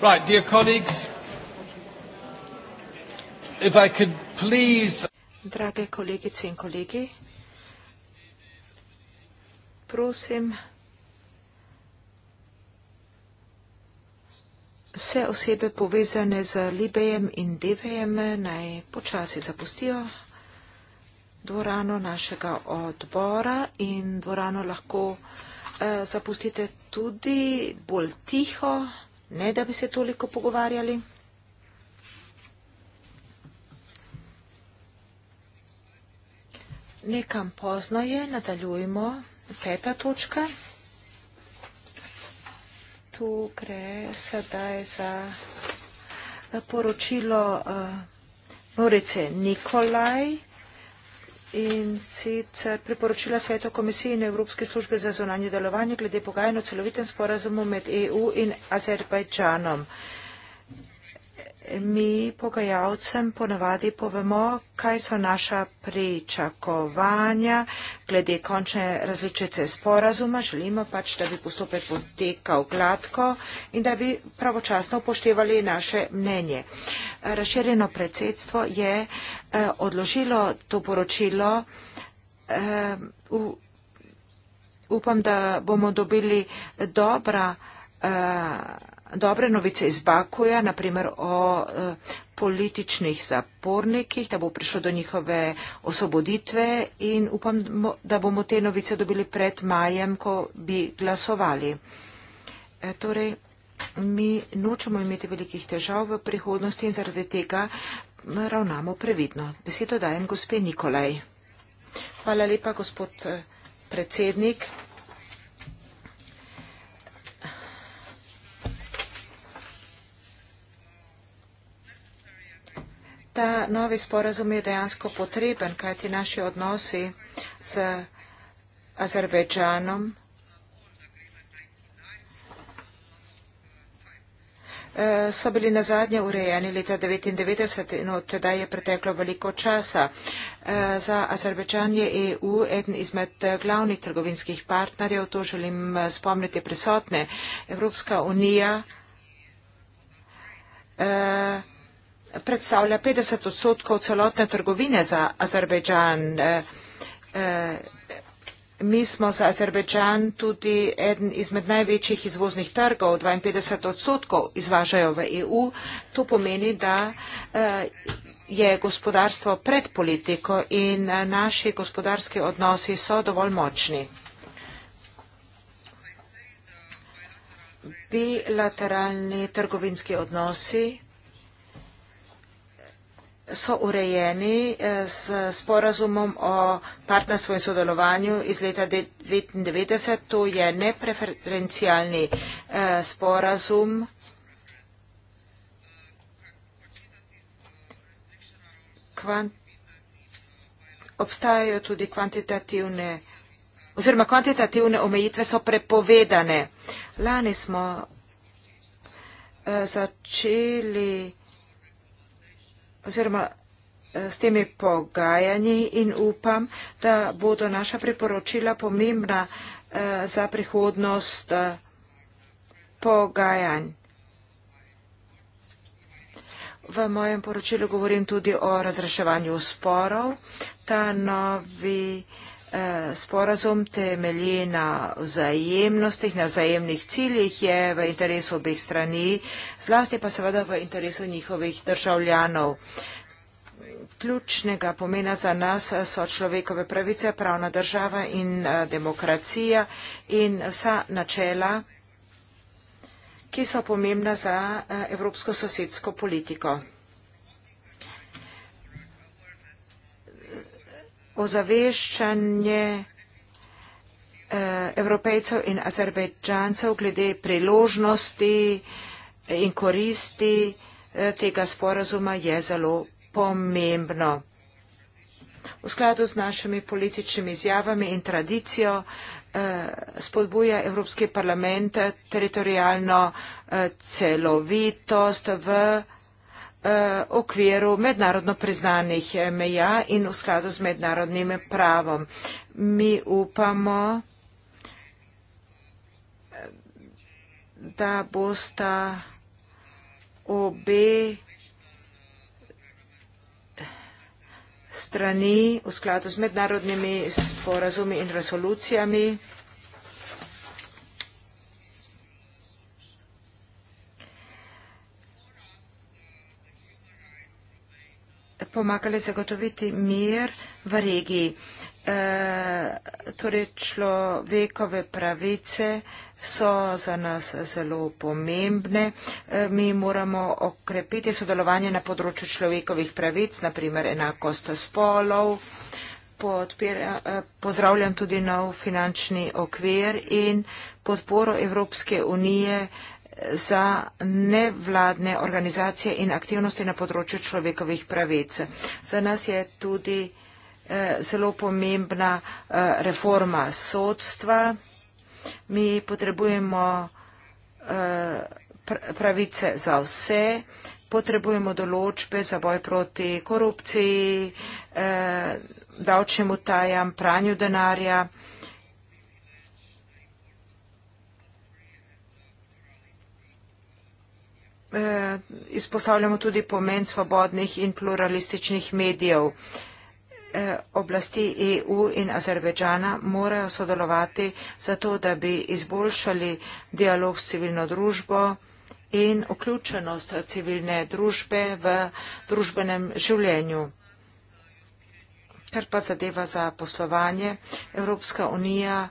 Right, dear colleagues, if I could please. Drage kolegice in kolegi, prosim vse osebe povezane z Libejem in Devejem naj počasi zapustijo dvorano našega odbora in dvorano lahko. Eh, zapustite tudi bolj tiho, ne da bi se toliko pogovarjali. Nekam pozno je, nadaljujmo. Peta točka. Tu gre sedaj za eh, poročilo uh, eh, Norice Nikolaj in sicer priporočila Sveto komisije in Evropske službe za zonanje delovanje glede pogajanj o celovitem sporazumu med EU in Azerbajdžanom mi pogajalcem ponavadi povemo, kaj so naša pričakovanja glede končne različice sporazuma. Želimo pač, da bi postopek potekal gladko in da bi pravočasno upoštevali naše mnenje. Razširjeno predsedstvo je eh, odložilo to poročilo. Eh, upam, da bomo dobili dobra eh, dobre novice iz Bakuja, naprimer o e, političnih zapornikih, da bo prišlo do njihove osvoboditve in upam, da bomo te novice dobili pred majem, ko bi glasovali. E, torej, mi nočemo imeti velikih težav v prihodnosti in zaradi tega ravnamo previdno. Besedo dajem gospe Nikolaj. Hvala lepa, gospod e, predsednik. ta novi sporazum je dejansko potreben, kaj ti naši odnosi z Azerbejdžanom. Eh, so bili na zadnje urejeni leta 1999 in od je preteklo veliko časa. Eh, za Azerbejdžan je EU eden izmed eh, glavnih trgovinskih partnerjev, to želim spomniti prisotne. Evropska unija eh, predstavlja 50 odstotkov celotne trgovine za Azerbejdžan. Eh, eh, mi smo za Azerbejdžan tudi eden izmed največjih izvoznih trgov, 52 odstotkov izvažajo v EU. To pomeni, da eh, je gospodarstvo pred politiko in naši gospodarski odnosi so dovolj močni. Bilateralni trgovinski odnosi so urejeni eh, s sporazumom o partnerstvu in sodelovanju iz leta 1999. To je nepreferencialni eh, sporazum. Kvant obstajajo tudi kvantitativne oziroma kvantitativne omejitve so prepovedane. Lani smo eh, začeli oziroma eh, s temi pogajanji in upam, da bodo naša priporočila pomembna eh, za prihodnost eh, pogajanj. V mojem poročilu govorim tudi o razreševanju sporov. Ta novi Eh, sporazum temelji na vzajemnostih, na vzajemnih ciljih, je v interesu obeh strani, zlasti pa seveda v interesu njihovih državljanov. Ključnega pomena za nas so človekove pravice, pravna država in eh, demokracija in vsa načela, ki so pomembna za eh, evropsko sosedsko politiko. ozaveščanje eh, Evropejcev in Azerbejdžancev glede priložnosti in koristi eh, tega sporazuma je zelo pomembno. V skladu z našimi političnimi izjavami in tradicijo eh, spodbuja Evropski parlament teritorijalno celovitost v Evropi. Eh, okviru mednarodno priznanih eh, meja in v skladu z mednarodnim pravom. Mi upamo, da bosta obe strani v skladu z mednarodnimi sporazumi in resolucijami pomagale zagotoviti mir v regiji. E, torej človekove pravice so za nas zelo pomembne. E, mi moramo okrepiti sodelovanje na področju človekovih pravic, naprimer enakost spolov. Podpira, e, pozdravljam tudi nov finančni okvir in podporo Evropske unije za nevladne organizacije in aktivnosti na področju človekovih pravic. Za nas je tudi eh, zelo pomembna eh, reforma sodstva. Mi potrebujemo eh, pravice za vse, potrebujemo določbe za boj proti korupciji, davčnim utajam, pranju denarja. Eh, izpostavljamo tudi pomen svobodnih in pluralističnih medijev. Eh, oblasti EU in Azerbejdžana morajo sodelovati zato, da bi izboljšali dialog s civilno družbo in vključenost civilne družbe v družbenem življenju. Kar pa zadeva za poslovanje, Evropska unija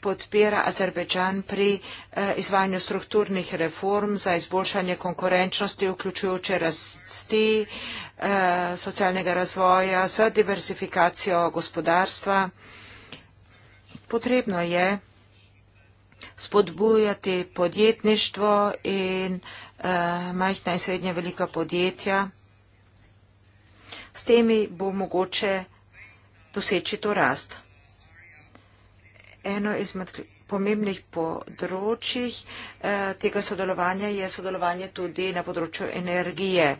podpira Azerbejdžan pri eh, izvajanju strukturnih reform za izboljšanje konkurenčnosti, vključujoče rasti eh, socialnega razvoja, za diversifikacijo gospodarstva. Potrebno je spodbujati podjetništvo in eh, majhna in srednja velika podjetja. S temi bo mogoče doseči to rast. Eno izmed pomembnih področjih eh, tega sodelovanja je sodelovanje tudi na področju energije.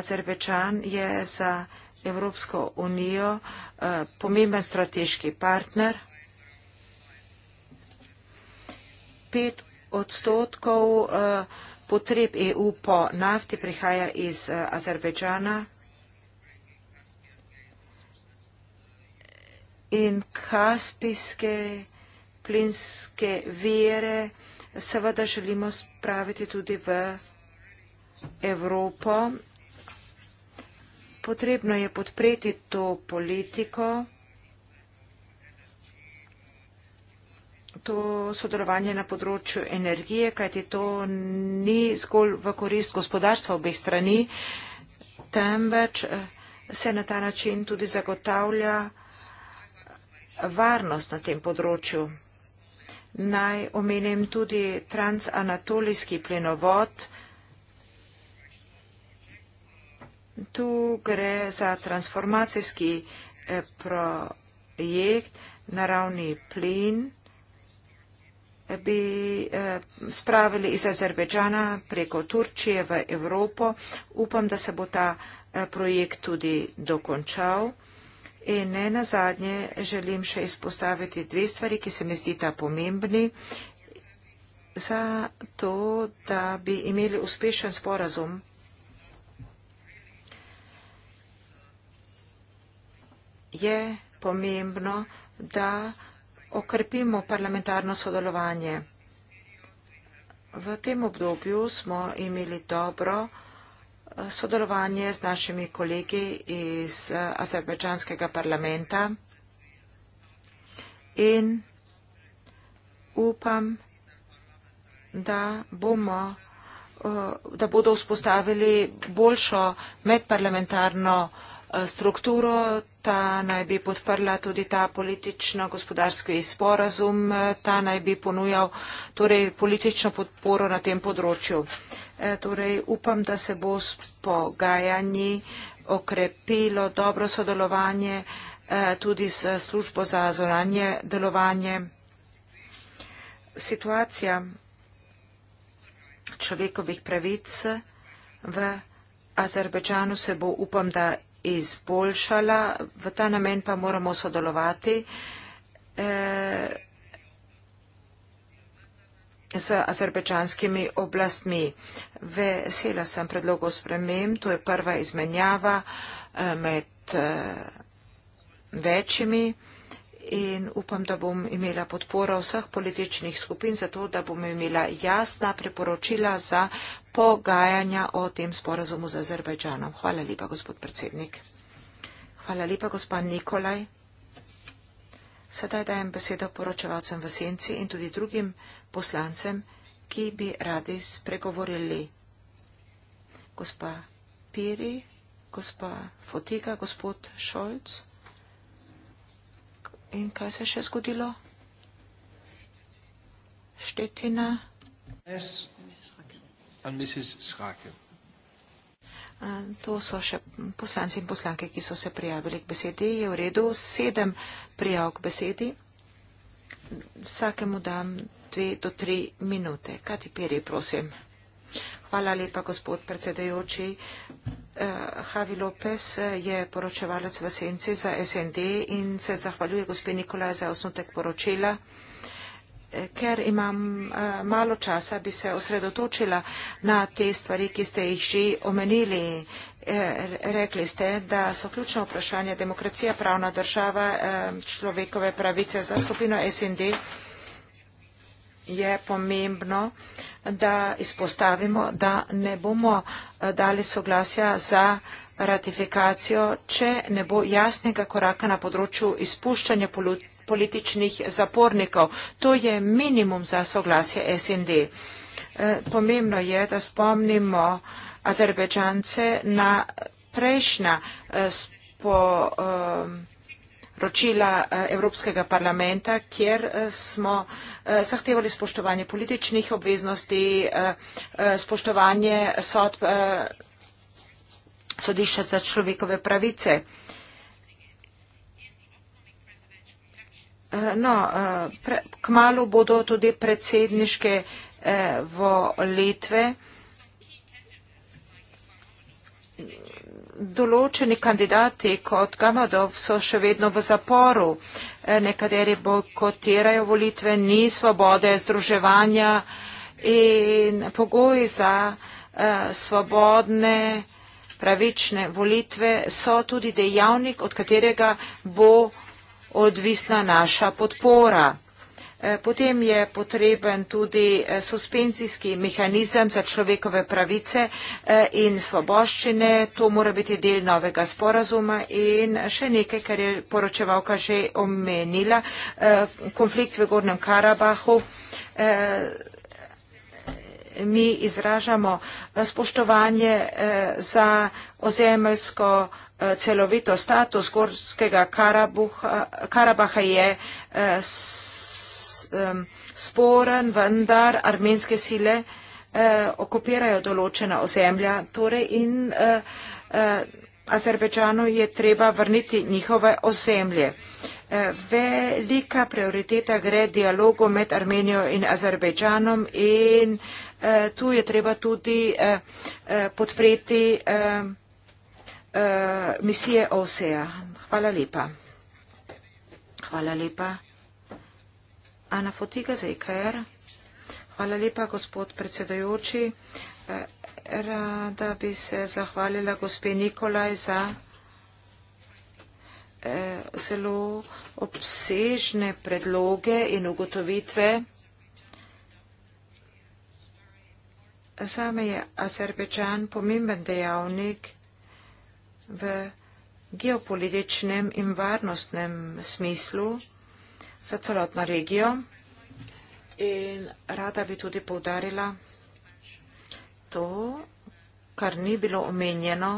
Azerbejčan je za Evropsko unijo eh, pomemben strateški partner. Pet odstotkov eh, potreb EU po nafti prihaja iz Azerbejčana. in kaspijske plinske vere seveda želimo spraviti tudi v Evropo. Potrebno je podpreti to politiko, to sodelovanje na področju energije, kajti to ni zgolj v korist gospodarstva obeh strani, temveč eh, se na ta način tudi zagotavlja varnost na tem področju. Naj omenim tudi transanatolijski plenovod. Tu gre za transformacijski eh, projekt naravni plin eh, bi eh, spravili iz Azerbejdžana preko Turčije v Evropo. Upam, da se bo ta projekt tudi dokončal. In ne nazadnje želim še izpostaviti dve stvari, ki se mi zdita pomembni za to, da bi imeli uspešen sporazum. Je pomembno, da okrepimo parlamentarno sodelovanje. V tem obdobju smo imeli dobro sporazum sodelovanje z našimi kolegi iz eh, Azerbejdžanskega parlamenta in upam, da, bomo, eh, da bodo vzpostavili boljšo medparlamentarno eh, strukturo, ta naj bi podprla tudi ta politično-gospodarski sporazum, ta naj bi ponujal torej, politično podporo na tem področju. E, torej upam, da se bo s pogajanji okrepilo dobro sodelovanje e, tudi s službo za zoranje delovanje. Situacija človekovih pravic v Azerbejdžanu se bo upam, da izboljšala, v ta namen pa moramo sodelovati. E, z azerbejdžanskimi oblastmi. Vesela sem predlogov sprememb, to je prva izmenjava eh, med eh, večjimi in upam, da bom imela podporo vseh političnih skupin za to, da bom imela jasna preporočila za pogajanja o tem sporazumu z Azerbejdžanom. Hvala lepa, gospod predsednik. Hvala lepa, gospod Nikolaj. Sedaj dajem besedo poročevalcem v senci in tudi drugim poslancem, ki bi radi spregovorili. Gospa Piri, gospa Fotiga, gospod Šolc. In kaj se je še zgodilo? Štetina. Yes. And Mrs. Schrake. To so še poslanci in poslanke, ki so se prijavili k besedi. Je v redu sedem prijav k besedi vsakemu dam dve do tri minute. Kati Peri, prosim. Hvala lepa, gospod predsedajoči. Eh, Javi Lopez eh, je poročevalec v Senci za SND in se zahvaljuje gospod Nikolaj za osnutek poročila ker imam eh, malo časa, bi se osredotočila na te stvari, ki ste jih že omenili. Eh, rekli ste, da so ključna vprašanja demokracija, pravna država, eh, človekove pravice za skupino SND. Je pomembno, da izpostavimo, da ne bomo dali soglasja za ratifikacijo, če ne bo jasnega koraka na področju izpuščanja političnih zapornikov. To je minimum za soglasje SND. Eh, pomembno je, da spomnimo Azerbejdžance na prejšnja eh, eh, ročila Evropskega parlamenta, kjer smo zahtevali spoštovanje političnih obveznosti, spoštovanje sodb sodišča za človekove pravice. Eh, no, eh, pre, kmalo bodo tudi predsedniške eh, volitve. Določeni kandidati kot Gamadov so še vedno v zaporu. Eh, nekateri bojkotirajo volitve, ni svobode združevanja in pogoji za eh, svobodne eh, pravične volitve so tudi dejavnik, od katerega bo odvisna naša podpora. Eh, potem je potreben tudi eh, suspenzijski mehanizem za človekove pravice eh, in svoboščine. To mora biti del novega sporazuma in še nekaj, kar je poročevalka že omenila, konflikt v Gornjem Karabahu mi izražamo eh, spoštovanje eh, za ozemeljsko eh, celovito status Gorskega Karabaha je sporen, vendar armenske sile okupirajo določena ozemlja torej in Azerbejdžanu je treba vrniti njihove ozemlje. Eh, velika prioriteta gre dialogu med Armenijo in Azerbejdžanom in eh, tu je treba tudi eh, podpreti misije OSEA. Hvala lepa. Hvala lepa. Ana Fotiga, ZKR. E Hvala lepa, gospod predsedajoči. Rada bi se zahvalila gospe Nikolaj za eh, zelo obsežne predloge in ugotovitve. Zame je Azerbejdžan pomemben dejavnik v geopolitičnem in varnostnem smislu za celotno regijo in rada bi tudi poudarila, to, kar ni bilo omenjeno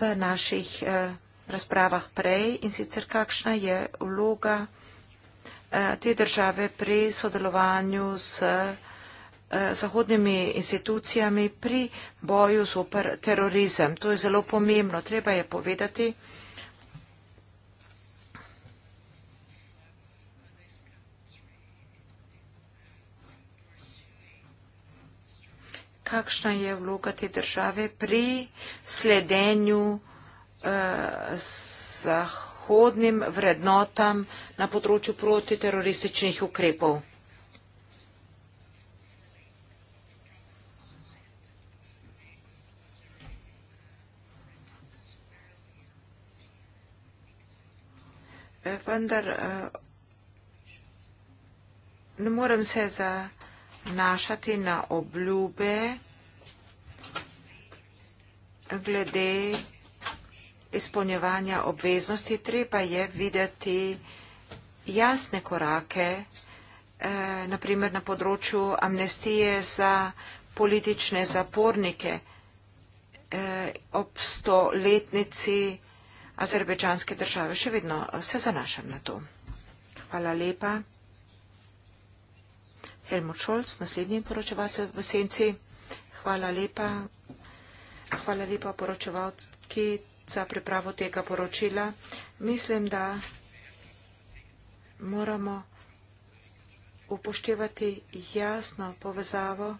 v naših eh, razpravah prej in sicer kakšna je vloga eh, te države pri sodelovanju z eh, zahodnimi institucijami pri boju zoper terorizem. To je zelo pomembno. Treba je povedati, da kakšna je vloga te države pri sledenju eh, zahodnim vrednotam na področju protiterorističnih ukrepov. Eh, vendar eh, ne morem se za nanašati na obljube glede izpolnjevanja obveznosti. Treba je videti jasne korake, eh, naprimer na področju amnestije za politične zapornike eh, ob stoletnici azerbejdžanske države. Še vedno se zanašam na to. Hvala lepa. Helmut Scholz, naslednji poročevalce v senci. Hvala lepa. Hvala lepa poročevalki za pripravo tega poročila. Mislim, da moramo upoštevati jasno povezavo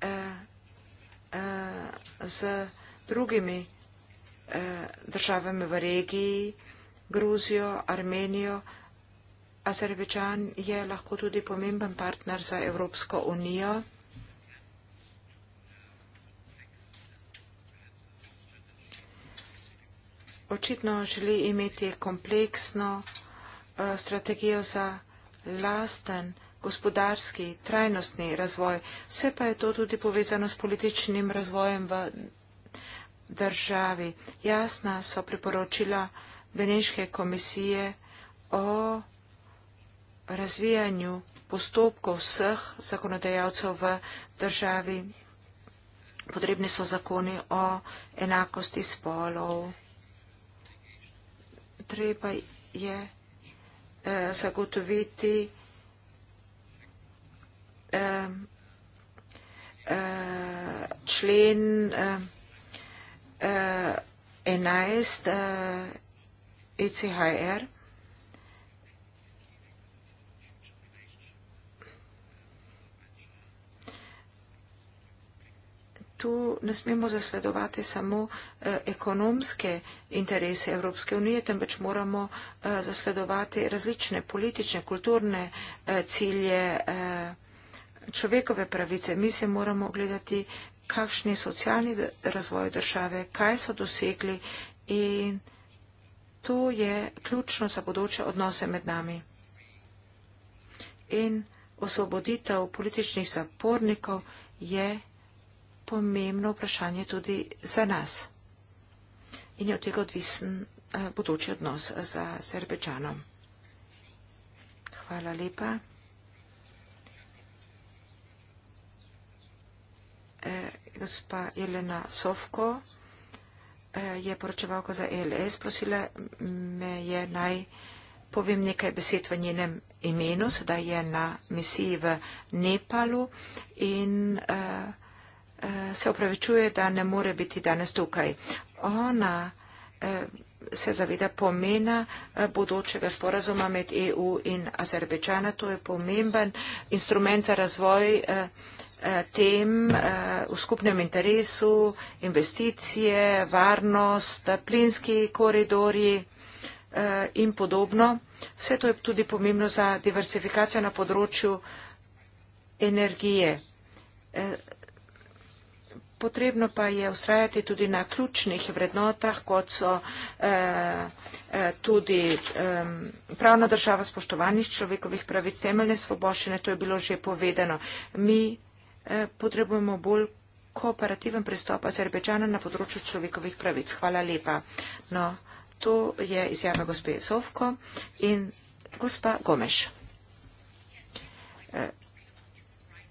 eh, eh, z drugimi eh, državami v regiji, Gruzijo, Armenijo, Azerbejdžan je lahko tudi pomemben partner za Evropsko unijo. Očitno želi imeti kompleksno eh, strategijo za lasten gospodarski, trajnostni razvoj. Vse pa je to tudi povezano s političnim razvojem v državi. Jasna so priporočila Beneške komisije o razvijanju postopkov vseh zakonodajalcev v državi. Potrebni so zakoni o enakosti spolov. Treba je eh, zagotoviti eh, eh, člen eh, eh, 11 eh, ECHR. E tu ne smemo zasledovati samo eh, ekonomske interese Evropske unije, temveč moramo eh, zasledovati različne politične, kulturne eh, cilje človekove pravice. Mi se moramo gledati, kakšen je socialni razvoj države, kaj so dosegli in to je ključno za bodoče odnose med nami. In osvoboditev političnih zapornikov je ključno pomembno vprašanje tudi za nas. In je od tega odvisen eh, bodoči odnos eh, za Zerbečanom. Hvala lepa. Eh, gospa Jelena Sovko je poročevalka za ELS. Prosila me je naj povem nekaj besed v njenem imenu. Sedaj je na misiji v Nepalu in uh, se opravičuje, da ne more biti danes tukaj. Ona eh, se zaveda pomena eh, bodočega sporazuma med EU in Azerbejdžana. To je pomemben instrument za razvoj eh, tem v skupnem interesu, investicije, varnost, plinski koridori in podobno. Vse to je tudi pomembno za diversifikacijo na področju energije. Potrebno pa je ustrajati tudi na ključnih vrednotah, kot so eh, eh tudi eh, pravna država spoštovanih človekovih pravic, temeljne svoboščine, to je bilo že povedano. Mi eh, potrebujemo bolj kooperativen pristop Azerbejdžana na področju človekovih pravic. Hvala lepa. No, to je izjava gospe Sovko in gospa Gomeš. Eh,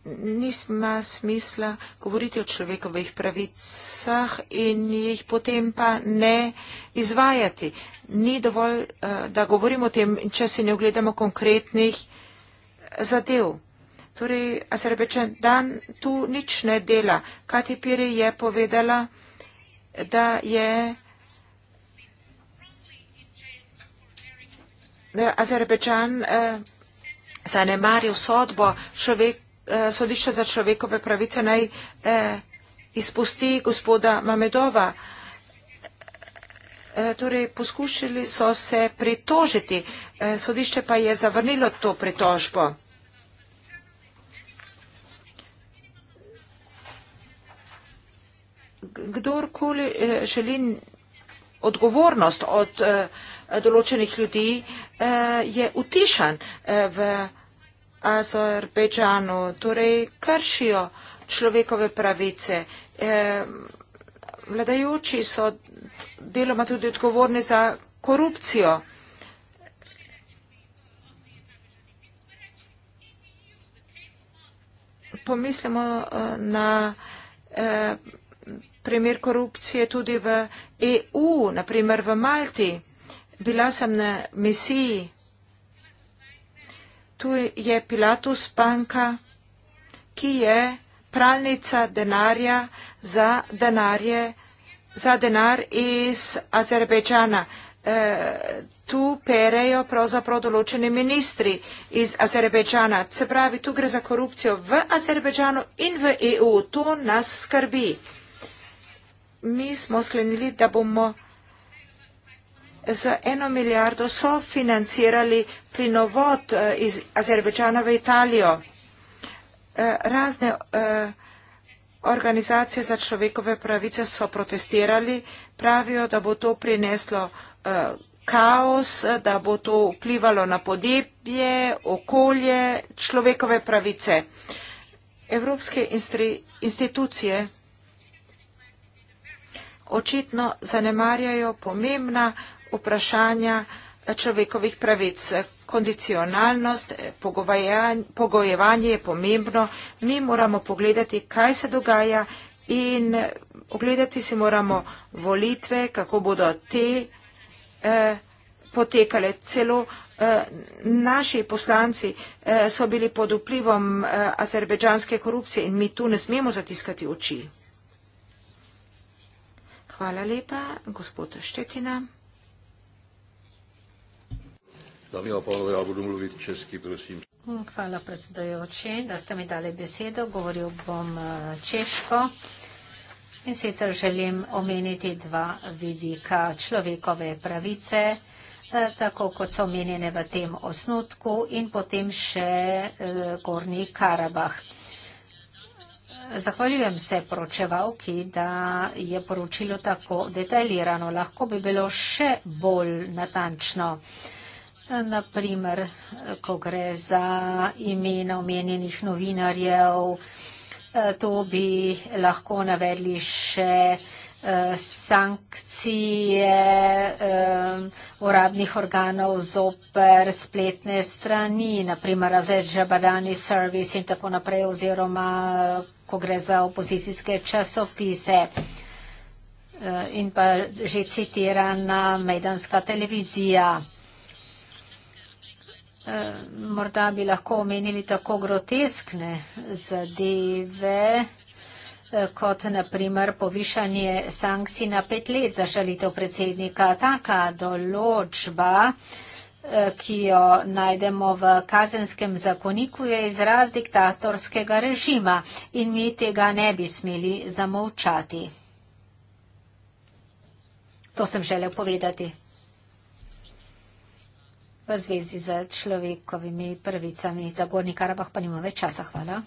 nisma smisla govoriti o človekovih pravicah in jih potem pa ne izvajati. Ni dovolj, eh, da govorimo o tem, če si ne ogledamo konkretnih eh, zadev. Torej, Azerbejčan dan tu nič ne dela. Kati Piri je povedala, da je Azerbejčan eh, zanemaril sodbo človeka eh, sodišča za človekove pravice naj eh, izpusti gospoda Mamedova. Eh, torej, poskušali so se pritožiti, eh, sodišče pa je zavrnilo to pritožbo. Kdorkoli eh, želi odgovornost od določenih ljudi, je utišan v Azerbejdžanu, torej kršijo človekove pravice. E, vladajoči so deloma tudi odgovorni za korupcijo. Pomislimo eh, na e, primer korupcije tudi v EU, naprimer v Malti. Bila sem na misiji Tu je Pilatus banka, ki je pralnica denarja za, denarje, za denar iz Azerbejdžana. E, tu perejo pravzaprav določeni ministri iz Azerbejdžana. Se pravi, tu gre za korupcijo v Azerbejdžanu in v EU. To nas skrbi. Mi smo sklenili, da bomo z eno milijardo so financirali plinovod eh, iz Azerbejdžana v Italijo. Eh, razne eh, organizacije za človekove pravice so protestirali, pravijo, da bo to prineslo kaos, da bo to vplivalo na podjetje, okolje, človekove pravice. Evropske institucije očitno zanemarjajo pomembna vprašanja človekovih pravic. Kondicionalnost, pogojevanje je pomembno. Mi moramo pogledati, kaj se dogaja in ogledati si moramo volitve, kako bodo te eh, potekale. Celo eh, naši poslanci eh, so bili pod vplivom eh, azerbejdžanske korupcije in mi tu ne smemo zatiskati oči. Hvala lepa, gospod Štetina. Hvala predsedojoči, da ste mi dali besedo. Govoril bom eh, češko in sicer želim omeniti dva vidika človekove pravice, eh, tako kot so omenjene v tem osnutku in potem še eh, Gorni Karabah. Zahvaljujem se poročevalki, da je poročilo tako detaljirano. Lahko bi bilo še bolj natančno na primer, ko gre za imena omenjenih novinarjev, eh, to bi lahko navedli še eh, sankcije eh, uradnih organov zoper spletne strani, naprimer Azeja Badani Service in tako naprej oziroma, ko gre za opozicijske časopise in pa že citirana Mejdanska televizija. Eh, morda bi lahko omenili tako groteskne zadeve, eh, kot naprimer povišanje sankcij na pet let za žalitev predsednika. Taka določba, eh, ki jo najdemo v kazenskem zakoniku, je izraz diktatorskega režima in mi tega ne bi smeli zamovčati. To sem želel povedati v zvezi z človekovimi pravicami. Za Gorni Karabah pa nimam več časa. Hvala.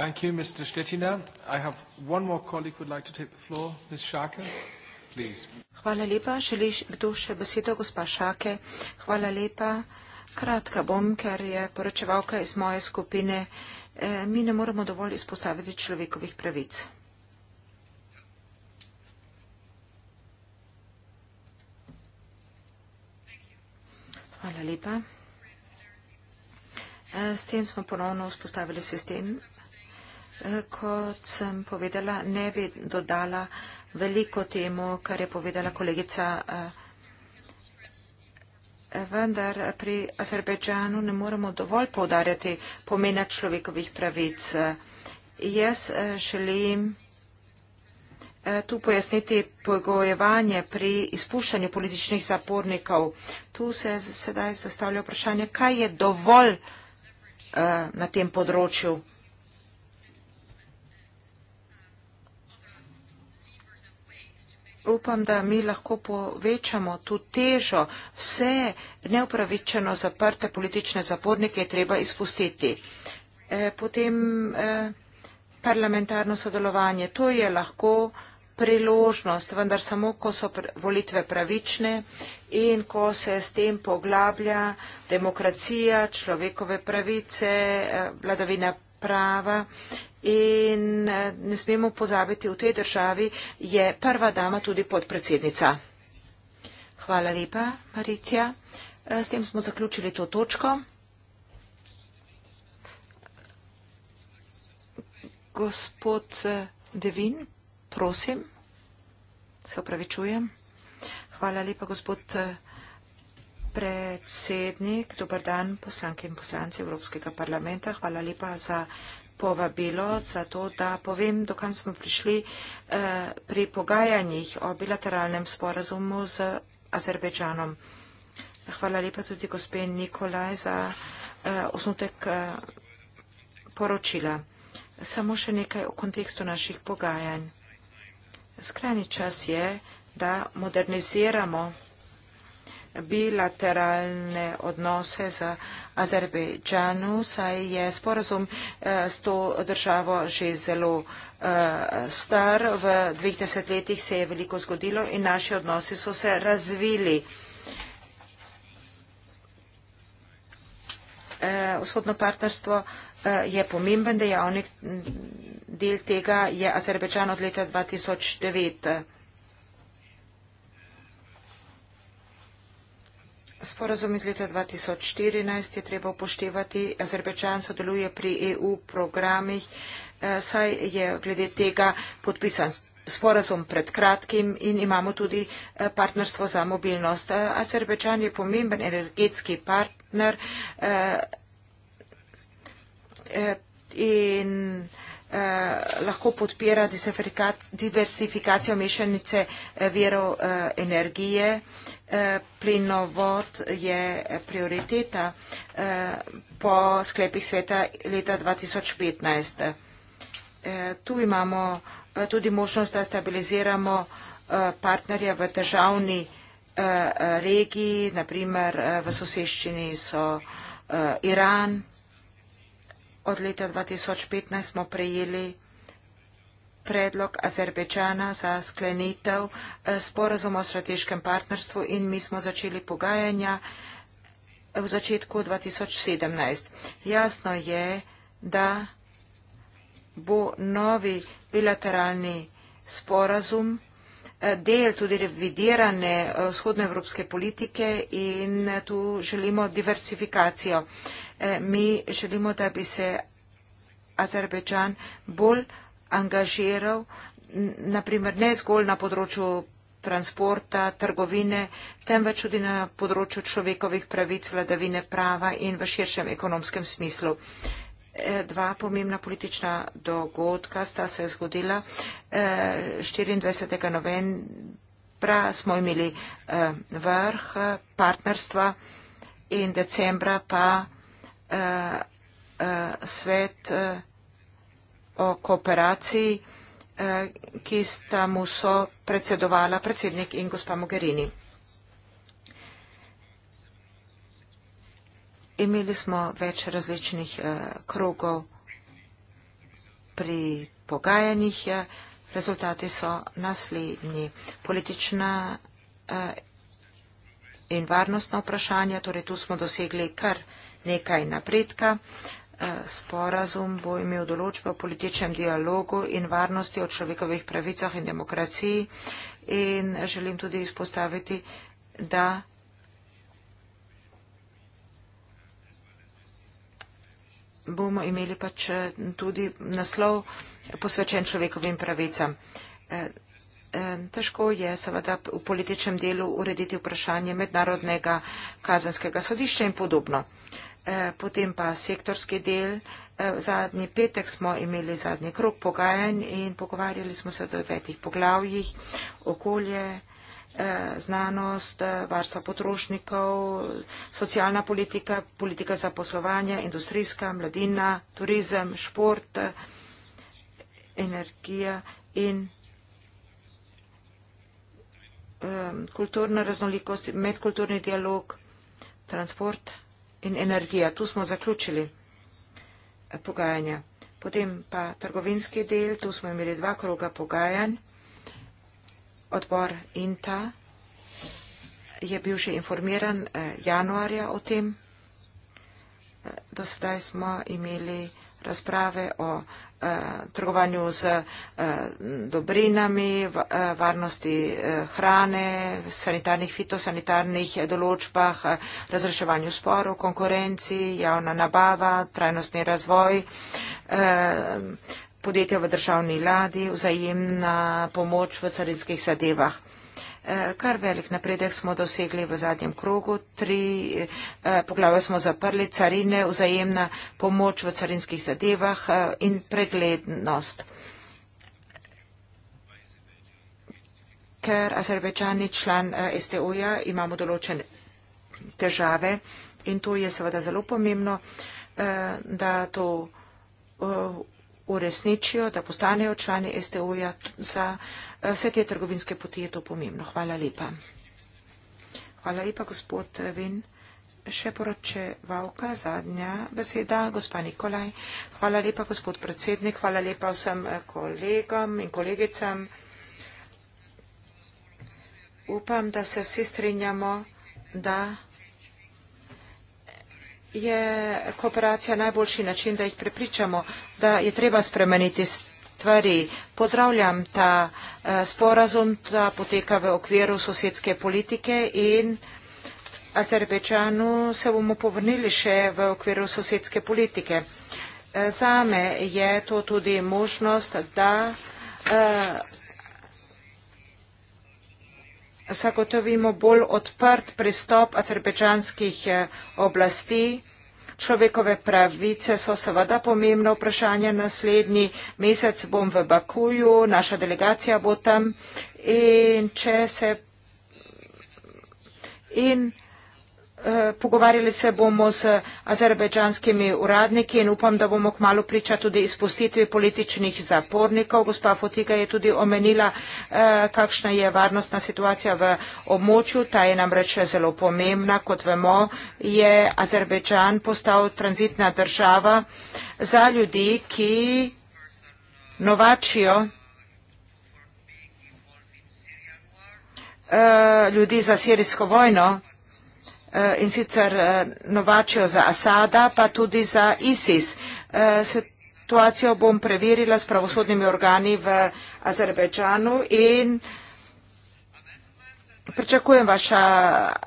Thank you, Mr. Stettina. I have one more colleague who would like to take the floor. Ms. Schake, please. Hvala lepa. Želi kdo še besedo, gospa Šake? Hvala lepa. Kratka bom, ker je poročevalka iz moje skupine. E, mi ne moremo dovolj izpostaviti človekovih pravic. Hvala lepa. E, s tem smo ponovno vzpostavili sistem. E, kot sem povedala, ne bi dodala veliko temu, kar je povedala kolegica. E, vendar pri Azerbejdžanu ne moremo dovolj povdarjati pomena človekovih pravic. Jaz želim E, tu pojasniti pogojevanje pri izpuščanju političnih zapornikov. Tu se sedaj zastavlja vprašanje, kaj je dovolj e, na tem področju. Upam, da mi lahko povečamo tu težo. Vse neupravičeno zaprte politične zapornike je treba izpustiti. E, potem parlamentarno sodelovanje. To je lahko vsega priložnost, vendar samo, ko so volitve pravične in ko se s tem poglablja demokracija, človekove pravice, eh, vladavina prava. In eh, ne smemo pozabiti, v tej državi je prva dama tudi podpredsednica. Hvala lepa, Maritja. Eh, s tem smo zaključili to točko. Gospod Devin. Prosim. Se opravičujem. Hvala lepa, gospod eh, predsednik. Dobar dan, poslanke in poslanci Evropskega parlamenta. Hvala lepa za povabilo, za to, da povem, dokam smo prišli eh, pri pogajanjih o bilateralnem sporazumu z Azerbejdžanom. Hvala lepa tudi gospe Nikolaj za eh, osnutek poročila. Samo še nekaj o kontekstu naših pogajanj. Skrajni čas je, da moderniziramo bilateralne odnose z Azerbejdžanu, saj je sporazum eh, s to državo že zelo eh, star. V dveh desetletjih se je veliko zgodilo in naši odnosi so se razvili. Eh, vzhodno partnerstvo eh, je pomemben dejavnik, del tega je Azerbejčan od leta 2009. Sporazum iz leta 2014 je treba upoštevati, Azerbejčan sodeluje pri EU programih, eh, saj je glede tega podpisan sporazum pred kratkim in imamo tudi eh, partnerstvo za mobilnost. Eh, Azerbejdžan je pomemben energetski partner eh, in lahko podpira diversifikacijo mešanice verov energije. Plinovod je prioriteta po sklepih sveta leta 2015. Tu imamo Eh, tudi možnost, da stabiliziramo eh, partnerja v državni eh, regiji, naprimer v soseščini so Iran. Od leta 2015 smo prejeli predlog Azerbejdžana za sklenitev sporazum o strateškem partnerstvu in mi smo začeli pogajanja v začetku 2017. Jasno je, da bo novi bilateralni sporazum eh, del tudi revidirane eh, vzhodnoevropske politike in eh, tu želimo diversifikacijo. Mi želimo, da bi se Azerbejdžan bolj angažiral, naprimer ne zgolj na področju transporta, trgovine, temveč tudi na področju človekovih pravic, vladavine prava in v širšem ekonomskem smislu dva pomembna politična dogodka sta se zgodila. 24. Eh, novembra smo imeli eh, vrh partnerstva in decembra pa eh, svet o kooperaciji, ki sta mu so predsedovala predsednik in gospa Mogherini. Imeli smo več različnih eh, krogov pri pogajanjih. Eh, rezultati so naslednji. Politična eh, in varnostna vprašanja, torej tu smo dosegli kar nekaj napredka. Sporazum bo imel določbo o političnem dialogu in varnosti o človekovih pravicah in demokraciji in želim tudi izpostaviti, da bomo imeli pač eh, tudi naslov posvečen človekovim pravicam. Eh, eh, težko je seveda v političnem delu urediti vprašanje mednarodnega kazenskega sodišča in podobno. Potem pa sektorski del. Zadnji petek smo imeli zadnji krok pogajanj in pogovarjali smo se o devetih poglavjih, okolje, Eh, znanost, eh, varstva potrošnikov, socialna politika, politika zaposlovanja, industrijska, mladina, turizem, šport, eh, energija in kulturna raznolikost, medkulturni dialog, transport in energija. Tu smo zaključili pogajanja. Potem pa trgovinski del, tu smo imeli dva kroga pogajanj odbor INTA je bil že informiran eh, januarja o tem. Eh, Dosedaj smo imeli razprave o eh, trgovanju z dobrinami, varnosti hrane, sanitarnih, fitosanitarnih določbah, razreševanju sporov, konkurenci, javna nabava, trajnostni razvoj, podjetja v državni ladi, vzajemna pomoč v carinskih zadevah. E, kar velik napredek smo dosegli v zadnjem krogu. Tri e, poglavje smo zaprli, carine, vzajemna pomoč v carinskih zadevah e, in preglednost. Ker Azerbejčani član STO-ja imamo določene težave in to je seveda zelo pomembno, da to uresničijo, da postanejo člani STO-ja za eh, vse te trgovinske poti, je to pomembno. Hvala lepa. Hvala lepa, gospod Vin. Še poroče Valka, zadnja beseda, gospa Nikolaj. Hvala lepa, gospod predsednik. Hvala lepa vsem eh, kolegom in kolegicam. Upam, da se vsi strinjamo, da je kooperacija najboljši način, da jih prepričamo, da je treba spremeniti stvari. Pozdravljam ta eh, sporazum, ta poteka v okviru sosedske politike in Azerbejčanu se bomo povrnili še v okviru sosedske politike. Eh, zame je to tudi možnost, da eh, zagotovimo bolj odprt pristop azerbejdžanskih eh, oblasti. Človekove pravice so seveda pomembno vprašanje. Naslednji mesec bom v Bakuju, naša delegacija bo tam in če se in Eh, pogovarjali se bomo z azerbejdžanskimi uradniki in upam, da bomo kmalo priča tudi izpustitvi političnih zapornikov. Gospa Fotiga je tudi omenila, eh, kakšna je varnostna situacija v območju. Ta je namreč zelo pomembna. Kot vemo, je Azerbejdžan postal tranzitna država za ljudi, ki novačijo eh, ljudi za sirijsko vojno Eh, in sicer eh, novačjo za Asada, pa tudi za ISIS. Eh, situacijo bom preverila s pravosodnimi organi v Azerbejdžanu in pričakujem vaša,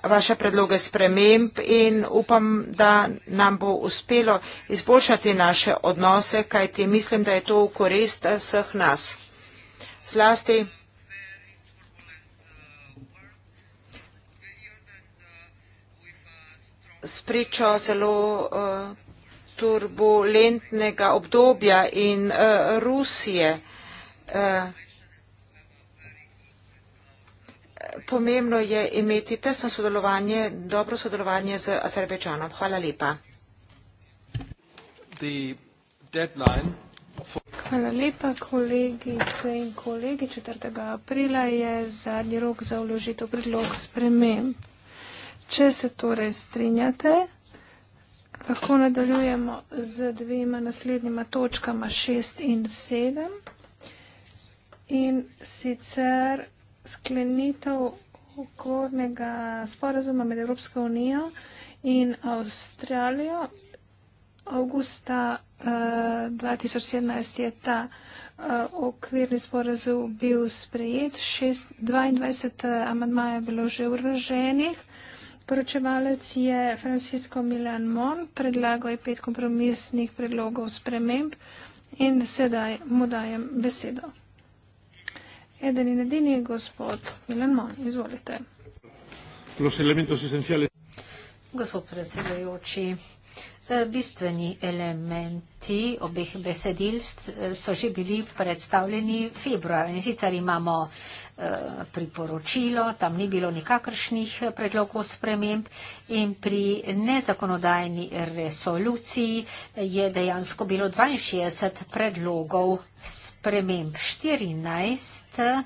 vaše predloge sprememb in upam, da nam bo uspelo izboljšati naše odnose, kajti mislim, da je to v korist vseh nas. Zlasti spričo zelo uh, turbulentnega obdobja in uh, Rusije. Uh, pomembno je imeti tesno sodelovanje, dobro sodelovanje z Azerbejdžanom. Hvala lepa. Hvala lepa, kolegice in kolegi. 4. aprila je zadnji rok za vložitev predlog sprememb. Če se torej strinjate, lahko nadaljujemo z dvema naslednjima točkama 6 in 7. In sicer sklenitev okornega sporazuma med Evropsko unijo in Avstralijo. Augusta uh, 2017 je ta uh, okvirni sporazum bil sprejet, 6, 22 uh, amadmaja je bilo že vrženih. Poročevalec je Francisco Milan Mon, predlagal je pet kompromisnih predlogov sprememb in sedaj mu dajem besedo. Eden in edini gospod Milan Mon, izvolite. Gospod predsedujoči, eh, bistveni elementi obeh besedilst so že bili predstavljeni februar in sicer imamo priporočilo, tam ni bilo nikakršnih predlogov sprememb in pri nezakonodajni resoluciji je dejansko bilo 62 predlogov sprememb. 14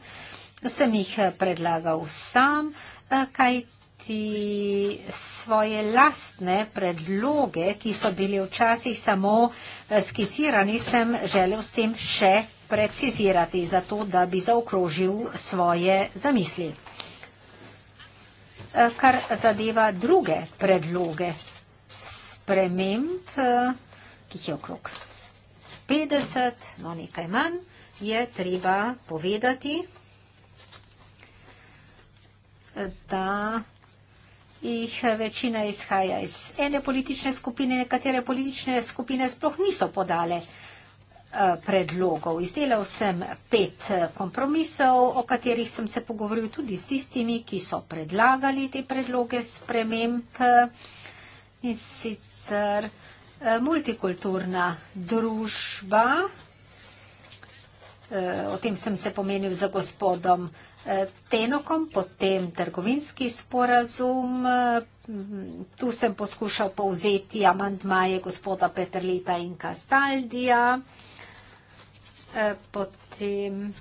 sem jih predlagal sam, eh, kaj ti svoje lastne predloge, ki so bili včasih samo eh, skisirani, sem želel s tem še precizirati, zato da bi zaokrožil svoje zamisli. Eh, kar zadeva druge predloge sprememb, eh, ki jih je okrog 50, no nekaj manj, je treba povedati, da jih večina izhaja iz ene politične skupine, nekatere politične skupine sploh niso podale uh, Eh, predlogov. Izdelal sem pet eh, kompromisov, o katerih sem se pogovoril tudi s tistimi, ki so predlagali te predloge sprememb eh, in sicer multikulturna družba. O tem sem se pomenil za gospodom Tenokom, potem trgovinski sporazum. Tu sem poskušal povzeti amantmaje gospoda Petrlita in Kastaldija. E, potem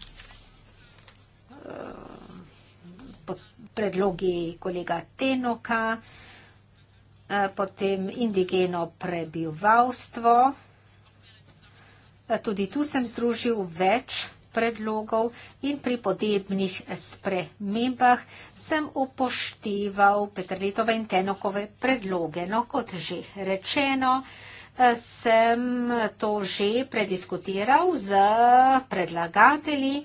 e, predlogi kolega Tenoka, e, potem indigeno prebivalstvo. Tudi tu sem združil več predlogov in pri podebnih spremembah sem upošteval Petrletove in Tenokove predloge. No, kot že rečeno, sem to že prediskutiral z predlagatelji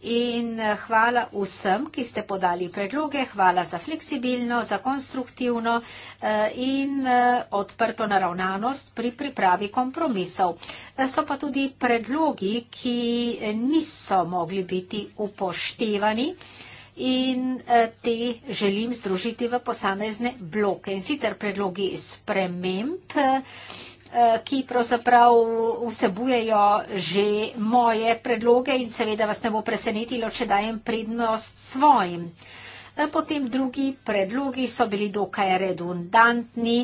in hvala vsem, ki ste podali predloge, hvala za fleksibilno, za konstruktivno eh, in eh, odprto naravnanost pri pripravi kompromisov. Eh, so pa tudi predlogi, ki niso mogli biti upoštevani in te želim združiti v posamezne bloke in sicer predlogi sprememb Eh, ki pravzaprav vsebujejo že moje predloge in seveda vas ne bo presenetilo, če dajem prednost svojim. Eh, potem drugi predlogi so bili dokaj redundantni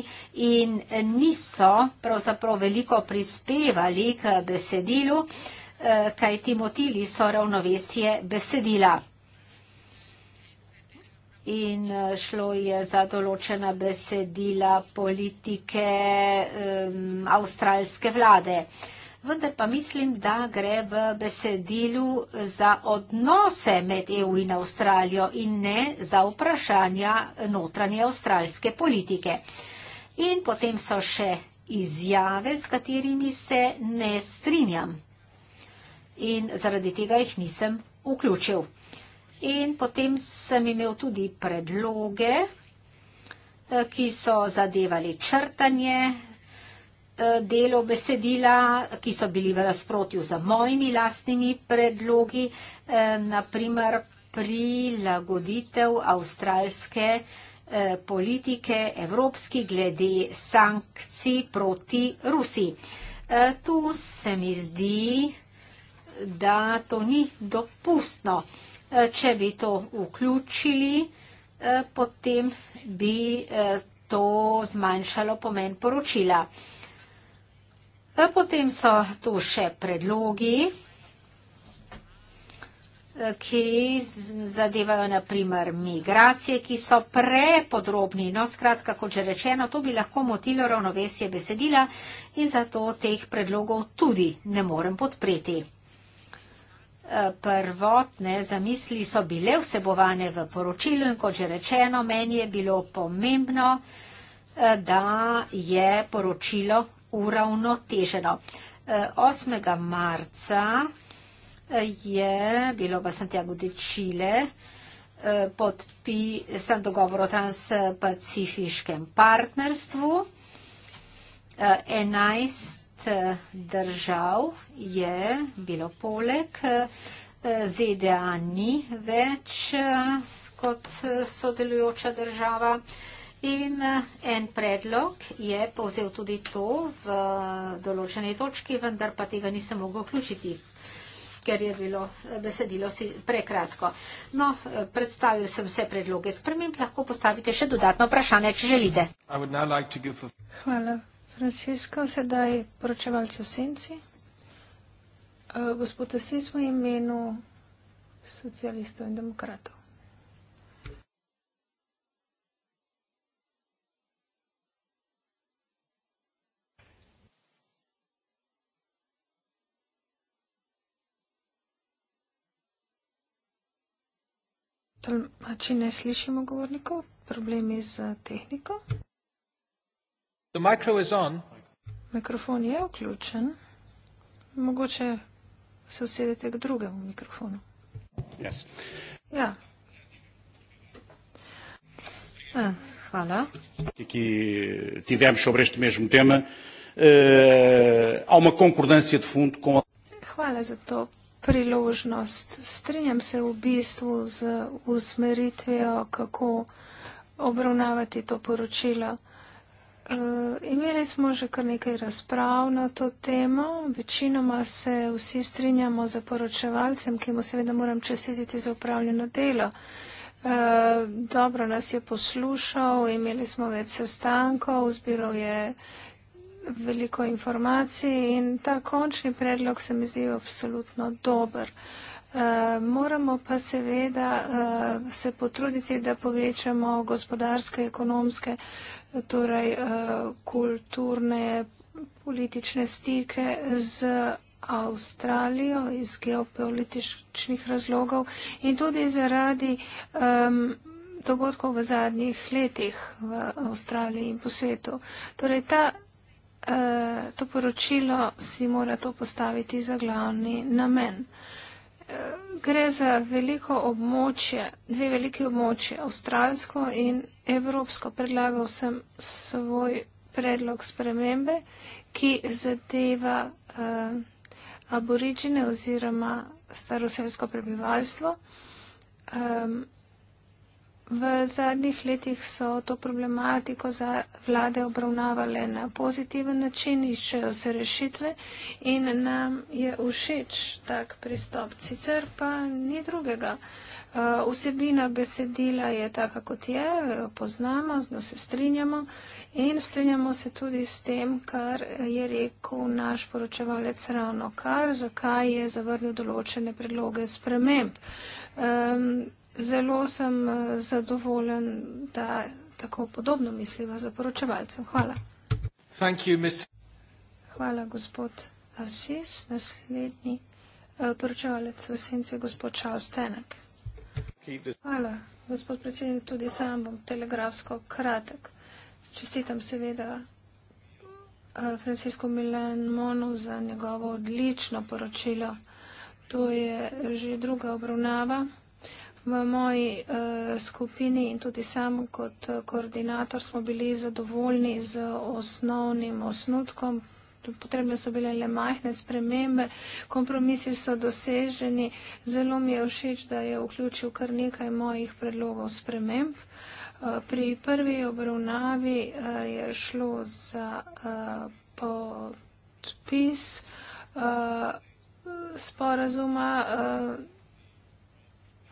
in niso pravzaprav veliko prispevali k besedilu, eh, kaj ti motili so ravnovesje besedila in eh, šlo je za določena besedila politike um, avstralske vlade. Vendar pa mislim, da gre v besedilu za odnose med EU in Avstralijo in ne za vprašanja notranje avstralske politike. In potem so še izjave, s katerimi se ne strinjam. In zaradi tega jih nisem vključil. In potem sem imel tudi predloge, eh, ki so zadevali črtanje eh, delov besedila, ki so bili v nasprotju z mojimi lastnimi predlogi, eh, naprimer prilagoditev avstralske politike evropski glede sankcij proti Rusiji. Tu se mi zdi, da to ni dopustno. Eh, če bi to vključili, eh, potem bi eh, to zmanjšalo pomen poročila. Potem so tu še predlogi, ki zadevajo naprimer migracije, ki so prepodrobni. No, skratka, kot že rečeno, to bi lahko motilo ravnovesje besedila in zato teh predlogov tudi ne morem podpreti prvotne zamisli so bile vsebovane v poročilu in kot že rečeno, meni je bilo pomembno, eh, da je poročilo uravnoteženo. 8. Eh, marca eh, je bilo v Santiago de Chile podpisan dogovor o transpacifiškem partnerstvu. 11 devet eh, držav je bilo poleg. Eh, ZDA ni več eh, kot sodelujoča država. In en predlog je povzel tudi to v določenej točki, vendar pa tega nisem mogel vključiti, ker je bilo besedilo prekratko. No, predstavil sem vse predloge sprememb, lahko postavite še dodatno vprašanje, če želite. Like a... Hvala. Francisco, sedaj poročevalcu Senci. Eh, gospod Asis v imenu socialistov in demokratov. Tolmači ne slišimo govornikov, problemi z tehniko. The micro is on. Mikrofon je vključen. Mogoče se usedete k drugemu mikrofonu. Yes. Ja. Ah, eh, fala. Aqui tivemos sobre este mesmo tema. Uh, há uma concordância de fundo com a. Hvala za to priložnost. Strinjam se v bistvu z usmeritvijo, kako obravnavati to poročilo. Eh, imeli smo že kar nekaj razprav na to temo. Večinoma se vsi strinjamo za poročevalcem, ki mu seveda moram čestititi za upravljeno delo. Eh, dobro nas je poslušal, imeli smo več sestankov, zbiral je veliko informacij in ta končni predlog se mi zdi absolutno dober. Eh, moramo pa seveda se potruditi, da povečamo gospodarske, ekonomske torej, eh, kulturne politične stike z Avstralijo iz geopolitičnih razlogov in tudi zaradi um, dogodkov v zadnjih letih v Avstraliji in po svetu. Torej, ta, uh, to poročilo si mora to postaviti za glavni namen gre za veliko območje, dve veliki območje, avstralsko in evropsko. Predlagal sem svoj predlog spremembe, ki zadeva uh, eh, aboričine oziroma staroselsko prebivalstvo. Um, V zadnjih letih so to problematiko za vlade obravnavale na pozitiven način, iščejo se rešitve in nam je všeč tak pristop. Sicer pa ni drugega. Eh, vsebina besedila je taka, kot je, poznamo, zno se strinjamo in strinjamo se tudi s tem, kar je rekel naš poročevalec ravno kar, zakaj je zavrnil določene predloge sprememb zelo sem eh, zadovoljen, da tako podobno misliva za poročevalcem. Hvala. You, Hvala, gospod Asis. Naslednji eh, poročevalec v senci je gospod Charles Tenek. Hvala, gospod predsednik, tudi sam bom telegrafsko kratek. Čestitam seveda eh, Francisco Milan Monu za njegovo odlično poročilo. To je že druga obravnava v moji uh, skupini in tudi sam kot eh, koordinator smo bili zadovoljni z osnovnim osnutkom. Potrebne so bile le majhne spremembe, kompromisi so doseženi. Zelo mi je všeč, da je vključil kar nekaj mojih predlogov sprememb. Eh, pri prvi obravnavi je šlo za podpis sporazuma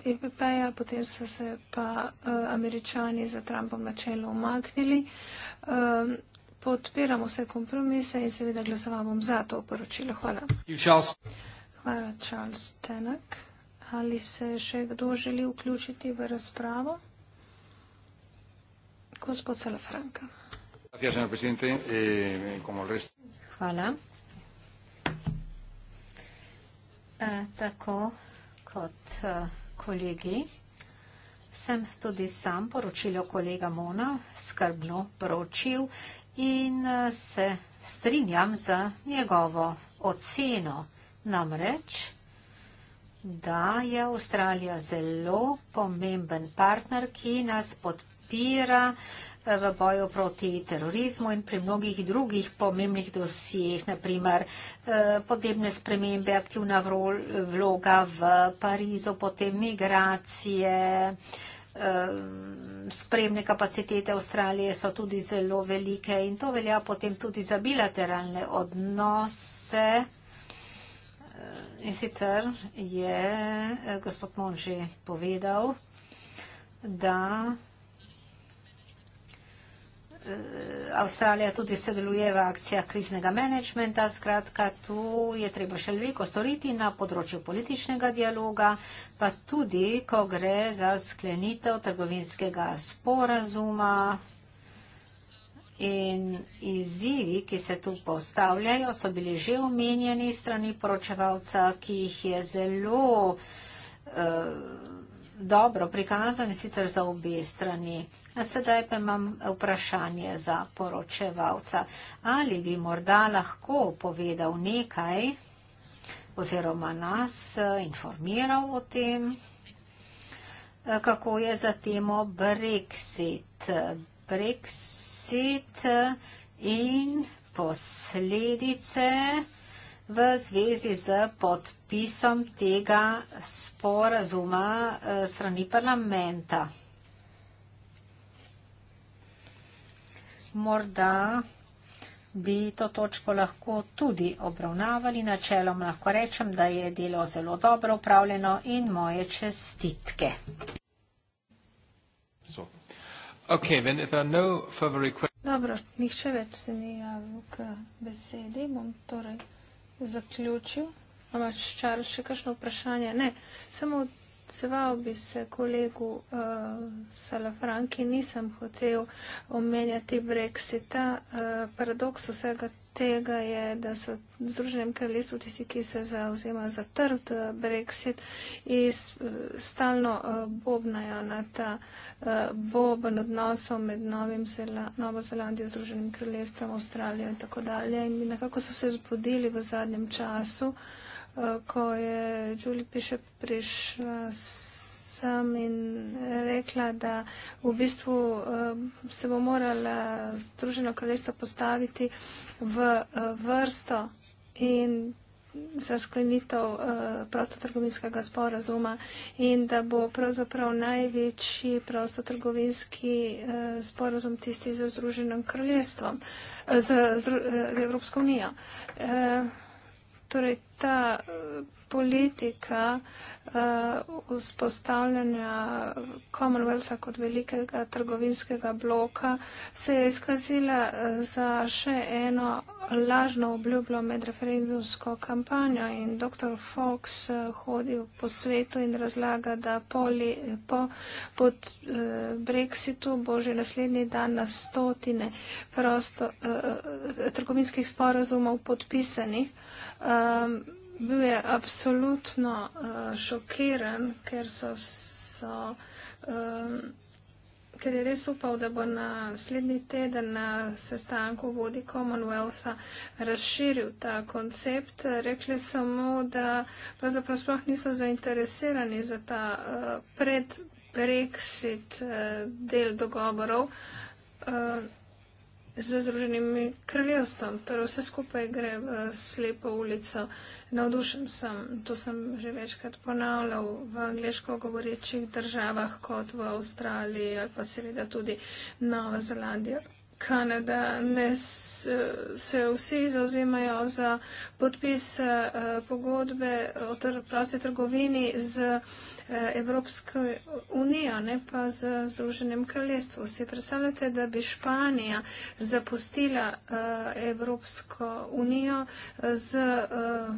TPP-ja, e potem so se pa uh, američani za Trumpom na čelo omaknili. Um, e, podpiramo vse kompromise in seveda glasovamo za to poročilo. Hvala. Hvala, Charles Tenak. Ali se še kdo želi vključiti v razpravo? Gospod Salafranka. Eh, Hvala. Uh, tako kot. Uh, kolegi. Sem tudi sam poročilo kolega Mona skrbno poročil in eh, se strinjam za njegovo oceno. Namreč, da je Avstralija zelo pomemben partner, ki nas podpira uh, v boju proti terorizmu in pri mnogih drugih pomembnih dosijih, naprimer eh, podnebne spremembe, aktivna vloga v Parizu, potem migracije, eh, spremne kapacitete Avstralije so tudi zelo velike in to velja potem tudi za bilateralne odnose. Eh, in sicer je gospod Monži povedal, da Eh, Avstralija tudi sodeluje v akcijah kriznega menedžmenta. Skratka, tu je treba še veliko storiti na področju političnega dialoga, pa tudi, ko gre za sklenitev trgovinskega sporazuma. In izzivi, ki se tu postavljajo, so bili že omenjeni strani poročevalca, ki jih je zelo uh, dobro prikazan, sicer za obe strani. Sedaj pa imam vprašanje za poročevalca. Ali bi morda lahko povedal nekaj oziroma nas eh, informiral o tem, eh, kako je za temo Brexit. Brexit eh, in posledice v zvezi z podpisom tega sporazuma strani parlamenta. morda bi to točko lahko tudi obravnavali. Načelom lahko rečem, da je delo zelo dobro upravljeno in moje čestitke. Okay, then if there are no further requests... Dobro, nihče več se ni javil k besedi, bom torej zaključil. Ali imaš čar še kakšno vprašanje? Ne, samo odzval bi se kolegu uh, Salafranki, nisem hotel omenjati Brexita. Uh, paradoks vsega tega je, da so v Združenem kraljestvu tisti, ki se zauzema za trd uh, Brexit in s, stalno uh, bobnajo na ta uh, boben odnosov med Novim Zela, Novo Zelandijo, Združenim kraljestvom, Avstralijo in tako dalje. In nekako so se zbudili v zadnjem času. Uh, ko je Julie Piše prišla sem in rekla, da v bistvu eh, se bo morala Združeno kraljestvo postaviti v eh, vrsto in za sklenitev eh, prostotrgovinskega sporazuma in da bo pravzaprav največji prostotrgovinski sporazum tisti z Združenim kraljestvom, z, z, z Evropsko unijo. E, Torej, ta eh, politika uh, vzpostavljanja Commonwealtha kot velikega trgovinskega bloka se je izkazila eh, za še eno lažno obljubljal med referendumsko kampanjo in dr. Fox eh, hodil po svetu in razlaga, da po, li, po pod, eh, Brexitu bo že naslednji dan na stotine prosto, eh, eh trgovinskih sporazumov podpisanih. Eh, bil je absolutno eh, šokiran, ker so. so eh, ker je res upal, da bo naslednji teden na sestanku vodi Commonwealtha razširil ta koncept. Rekli samo, da pravzaprav sploh niso zainteresirani za ta uh, eh, pred Brexit uh, eh, del dogovorov uh, z združenim krvjostom. Torej vse skupaj gre v slepo ulico. Uh, navdušen sem, to sem že večkrat ponavljal, v angliško govorečih državah kot v Avstraliji ali pa seveda tudi Nova Zelandija. Kanada, ne se vsi zauzimajo za podpis eh, pogodbe o tr prosti trgovini z eh, Evropsko unijo, ne pa z Združenem kraljestvu. Si predstavljate, da bi Španija zapustila eh, Evropsko unijo eh, z. Eh,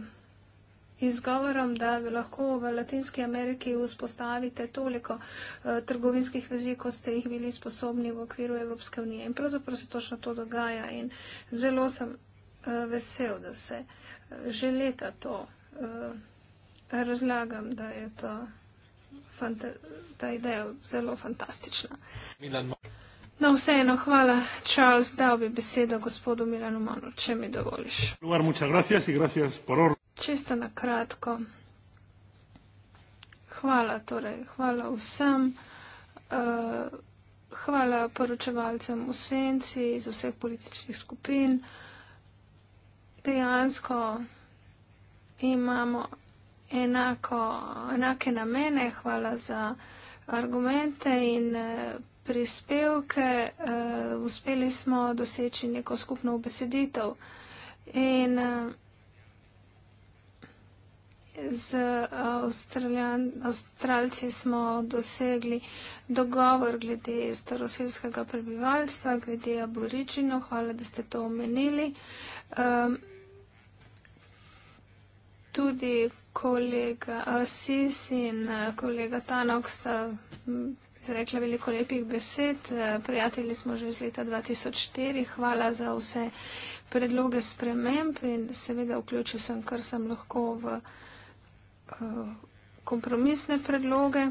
izgovorom, da bi lahko v Latinski Ameriki vzpostavite toliko uh, trgovinskih vezi, kot ste jih bili sposobni v okviru Evropske unije. In pravzaprav se točno to dogaja in zelo sem uh, vesel, da se eh, že leta to uh, razlagam, da je to, ta ideja zelo fantastična. No, vseeno, hvala, Charles, dal bi besedo gospodu Milanu Manu, če mi dovoliš. Lugar, čisto na kratko. Hvala torej, hvala vsem. Eh, hvala poročevalcem v senci iz vseh političnih skupin. Dejansko imamo enako, enake namene. Hvala za argumente in eh, prispevke. Eh, uspeli smo doseči neko skupno obeseditev. In, uh, z eh, Avstralci smo dosegli dogovor glede staroselskega prebivalstva, glede aboričino. Hvala, da ste to omenili. Um, tudi kolega eh, Asis in eh, kolega Tanok sta hm, izrekla veliko lepih besed. Prijatelji smo že iz leta 2004. Hvala za vse predloge sprememb in seveda vključil sem, kar sem lahko v. Eh, kompromisne predloge.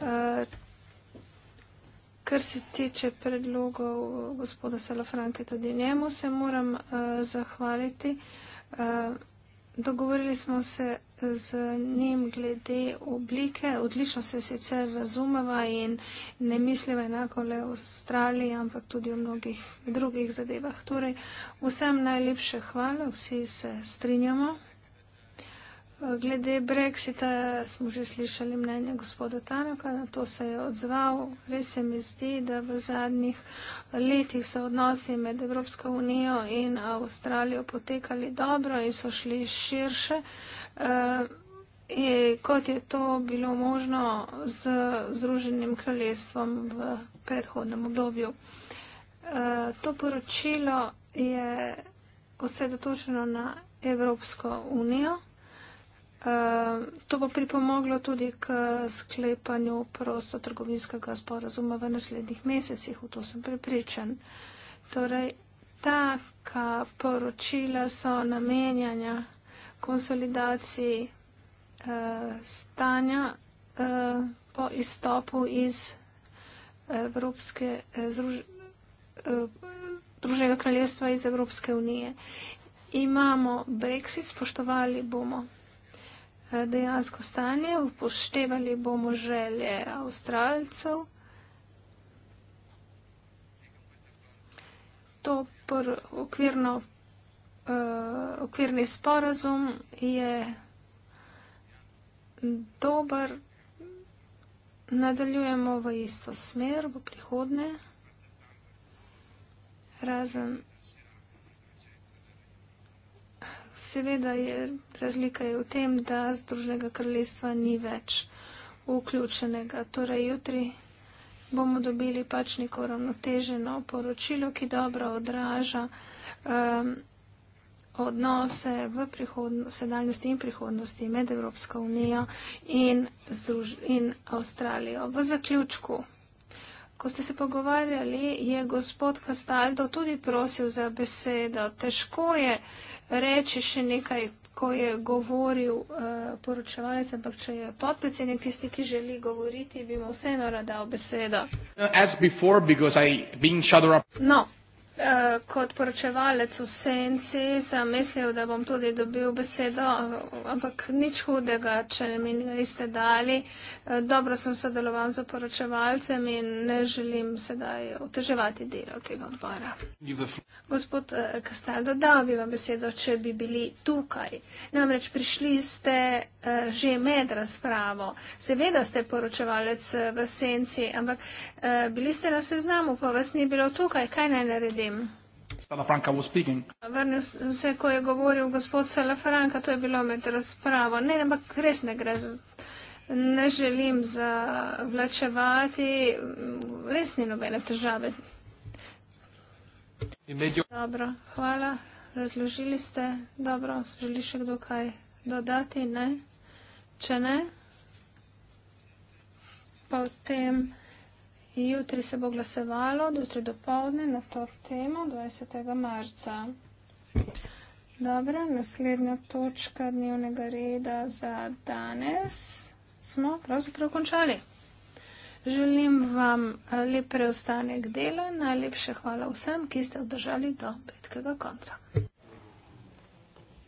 Eh, kar se tiče predlogov gospoda Salafranke, tudi njemu se moram eh, zahvaliti. Dogovorili smo se z njim glede oblike, odlično se sicer razumeva in ne misliva enako le v Avstraliji, ampak tudi v mnogih drugih zadevah. Torej, vsem najlepše hvala, vsi se strinjamo. Glede brexita smo že slišali mnenje gospoda Tanaka, na to se je odzval. Res se mi zdi, da v zadnjih letih so odnosi med Evropsko unijo in Avstralijo potekali dobro in so šli širše. E, kot je to bilo možno z Združenim kraljestvom v predhodnem obdobju. E, to poročilo je osredotočeno na Evropsko unijo. Ehm, to bo pripomoglo tudi k sklepanju prostotrgovinskega sporazuma v naslednjih mesecih, v to sem prepričan. Torej, taka poročila so namenjanja konsolidaciji eh, stanja eh, po izstopu iz Evropske, eh, eh Združenega kraljestva iz Evropske unije. Imamo Brexit, spoštovali bomo. Eh, dejansko stanje, upoštevali bomo želje avstralcev. To pr, okvirno, uh, okvirni sporazum je dober, nadaljujemo v isto smer v prihodne, razen. Seveda je razlika je v tem, da Združnega kraljestva ni več vključenega. Torej, jutri bomo dobili pač neko ravnoteženo poročilo, ki dobro odraža um, odnose v sedanjosti in prihodnosti med Evropsko unijo in, Združ in Avstralijo. V zaključku. Ko ste se pogovarjali, je gospod Castaldo tudi prosil za besedo. Težko je reči še nekaj, ko je govoril uh, poročevalec, ampak če je podpredsednik tisti, ki želi govoriti, bi mu vseeno rada besedo. No, Eh, kot poročevalec v senci sem mislil, da bom tudi dobil besedo, ampak nič hudega, če mi niste dali. Eh, dobro sem sodeloval z poročevalcem in ne želim sedaj oteževati delo tega odbora. Gospod Kastaldo, eh, dal bi vam besedo, če bi bili tukaj. Namreč prišli ste že med razpravo. Seveda ste poročevalec v senci, ampak bili ste na seznamu, pa vas ni bilo tukaj. Kaj naj naredim? tem. Vrnil sem se, ko je govoril gospod Salafranka, to je bilo med razpravo. Ne, ampak res ne gre za. Ne želim zavlačevati, res ni nobene težave. Medjo... Dobro, hvala, razložili ste. Dobro, želi še kdo kaj dodati? Ne. Če ne, potem. Jutri se bo glasovalo, jutri do povdne na to temo 20. marca. Dobro, naslednja točka dnevnega reda za danes smo pravzaprav končali. Želim vam eh, lep preostanek dela, najlepše hvala vsem, ki ste vdržali do petkega konca.